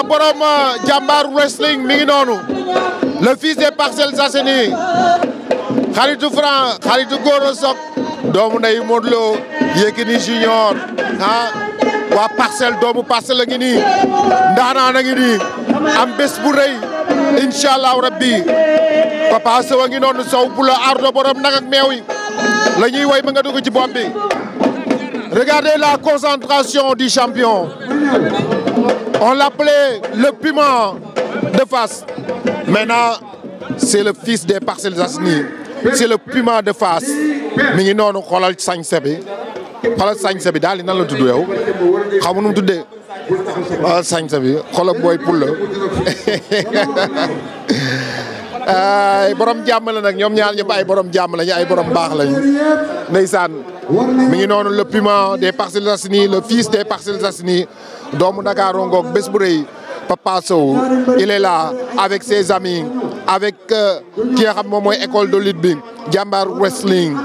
voilà borom euh, jàmbaar wrestling mi ngi noonu le fils des Parcelles Assainies xaritu Franc xaritu Gora doomu ndeyu Modou Lo Junior ah waa parcelle doomu parcelle la ngi nii na ngi nii bu rëy incha allah Papa Sow ngi noonu Sow pour la ardo borom nag ak meew la ñuy woy ma nga dugg ci bopp bi la concentration du champion on l'appelait le piment de Fass maintenant c'est le fils des Parcelles Assainies c'est le piment de fas mi ngi noonu xoolal sañse bi xoolal sañse bi daal di na la tudd yow xamu nu mu tuddee xoolal sañse bi xoolal ay borom jàmm la nag ñoom ñaar ñëpp ay borom jàmm lañu ay borom baax lañu ndeysaan mi ngi noonu le piment des Parcelles Assainies le fils des Parcelles Assainies doomu Ndakaaru ngoog bés bu rëy Papa Sow il avec ses amis avec euh, ki nga xam moom mooy école de lutte bi jàmbaar wrestling